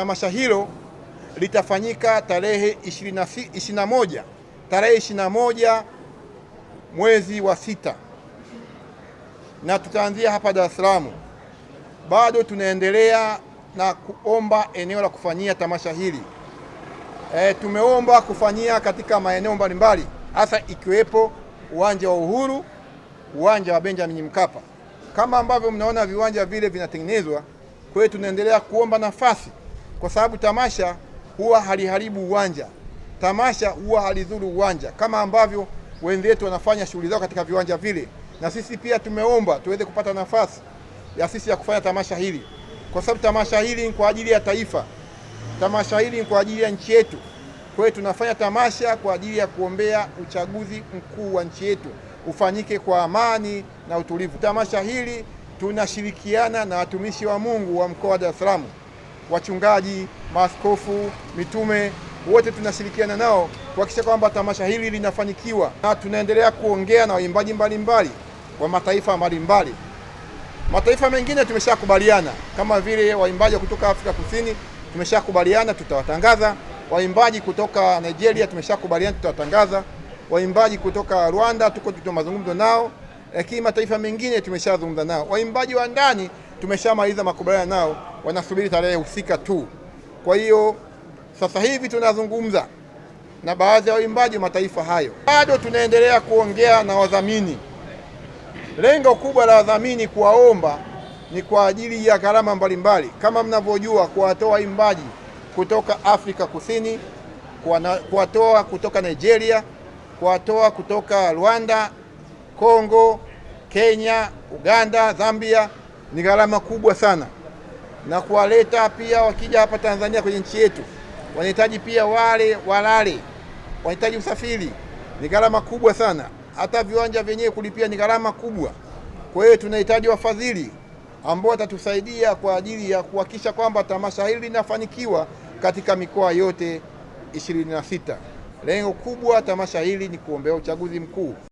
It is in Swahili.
tamasha hilo litafanyika tarehe 21 tarehe 21 mwezi wa sita, na tutaanzia hapa Dar es Salaam. Bado tunaendelea na kuomba eneo la kufanyia tamasha hili. E, tumeomba kufanyia katika maeneo mbalimbali hasa ikiwepo uwanja wa Uhuru, uwanja wa Benjamin Mkapa. Kama ambavyo mnaona viwanja vile vinatengenezwa, kwa hiyo tunaendelea kuomba nafasi kwa sababu tamasha huwa haliharibu uwanja, tamasha huwa halidhuru uwanja, kama ambavyo wenzetu wanafanya shughuli zao katika viwanja vile, na sisi pia tumeomba tuweze kupata nafasi ya sisi ya kufanya tamasha hili, kwa sababu tamasha hili ni kwa ajili ya taifa, tamasha hili ni kwa ajili ya nchi yetu. Kwa hiyo tunafanya tamasha kwa ajili ya kuombea uchaguzi mkuu wa nchi yetu ufanyike kwa amani na utulivu. Tamasha hili tunashirikiana na watumishi wa Mungu wa mkoa wa Dar es Salaam wachungaji, maaskofu, mitume wote tunashirikiana nao kuhakikisha kwamba tamasha hili linafanikiwa, na tunaendelea kuongea na waimbaji mbalimbali wa mataifa mbalimbali. Mataifa mengine tumeshakubaliana, kama vile waimbaji kutoka Afrika Kusini tumeshakubaliana, tutawatangaza. Waimbaji kutoka Nigeria tumeshakubaliana, tutawatangaza. Waimbaji kutoka Rwanda tuko tuto mazungumzo nao lakini mataifa mengine tumeshazungumza nao, waimbaji wa ndani tumeshamaliza makubaliano nao, wanasubiri tarehe husika tu. Kwa hiyo sasa hivi tunazungumza na baadhi ya waimbaji wa mataifa hayo, bado tunaendelea kuongea na wadhamini. Lengo kubwa la wadhamini kuwaomba ni kwa ajili ya gharama mbalimbali, kama mnavyojua, kuwatoa waimbaji kutoka Afrika Kusini, kuwatoa kutoka Nigeria, kuwatoa kutoka Rwanda Kongo, Kenya, Uganda, Zambia ni gharama kubwa sana, na kuwaleta pia wakija hapa Tanzania kwenye nchi yetu wanahitaji pia wale walale, wanahitaji usafiri, ni gharama kubwa sana. Hata viwanja vyenyewe kulipia ni gharama kubwa. Kwa hiyo tunahitaji wafadhili ambao watatusaidia kwa ajili ya kuhakikisha kwamba tamasha hili linafanikiwa katika mikoa yote 26. Lengo kubwa tamasha hili ni kuombea uchaguzi mkuu.